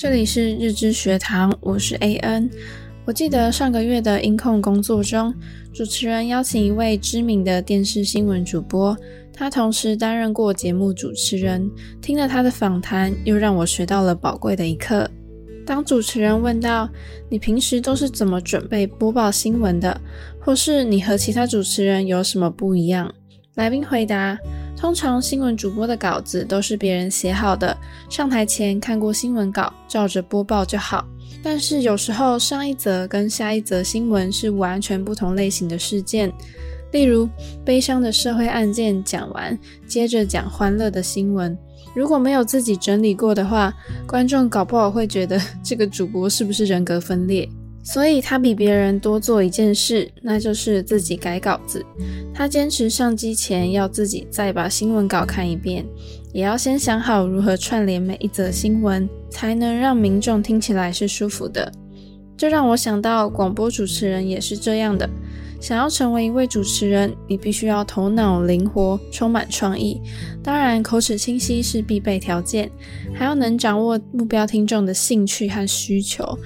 這裡是日知學堂，我是 AN。我記得上個月的音控工作中，主持人邀請一位知名的電視新聞主播，他同時擔任過節目主持人。聽了他的訪談，又讓我學到了寶貴的一課。當主持人問到你平時都是怎麼準備播報新聞的，或是你和其他主持人有什麼不一樣，來賓回答。通常新聞主播的稿子都是別人寫好的，上台前看過新聞稿，照着播報就好。但是有時候上一則跟下一則新聞是完全不同類型的事件，例如悲傷的社會案件講完，接着講歡樂的新聞，如果沒有自己整理過的話，觀眾搞不好會覺得這個主播是不是人格分裂。所以他比別人多做一件事，那就是自己改稿子。他堅持上機前要自己再把新聞稿看一遍，也要先想好如何串聯每一則新聞，才能讓民眾聽起來是舒服的。這讓我想到，廣播主持人也是這樣的。想要成為一位主持人，你必須要頭腦靈活，充滿創意。當然，口齒清晰是必備條件，還要能掌握目標聽眾的興趣和需求。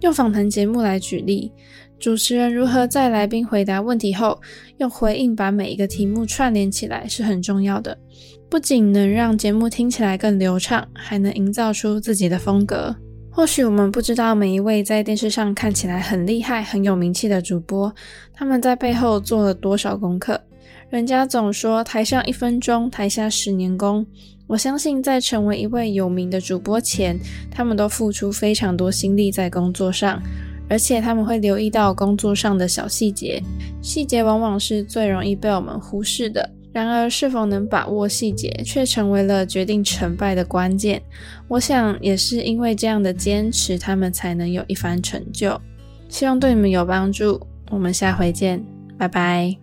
用訪談節目來舉例，主持人如何在來賓回答問題後，用回應把每一個題目串聯起來是很重要的。不僅能讓節目聽起來更流暢，還能營造出自己的風格。或許我們不知道每一位在電視上看起來很厲害、很有名氣的主播，他們在背後做了多少功課。人家總說，台上一分鐘，台下十年功。我相信，在成為一位有名的主播前，他們都付出非常多心力在工作上，而且他們會留意到工作上的小細節。細節往往是最容易被我們忽視的，然而是否能把握細節，卻成為了決定成敗的關鍵。我想也是因為這樣的堅持，他們才能有一番成就。希望對你們有幫助。我們下回見，拜拜。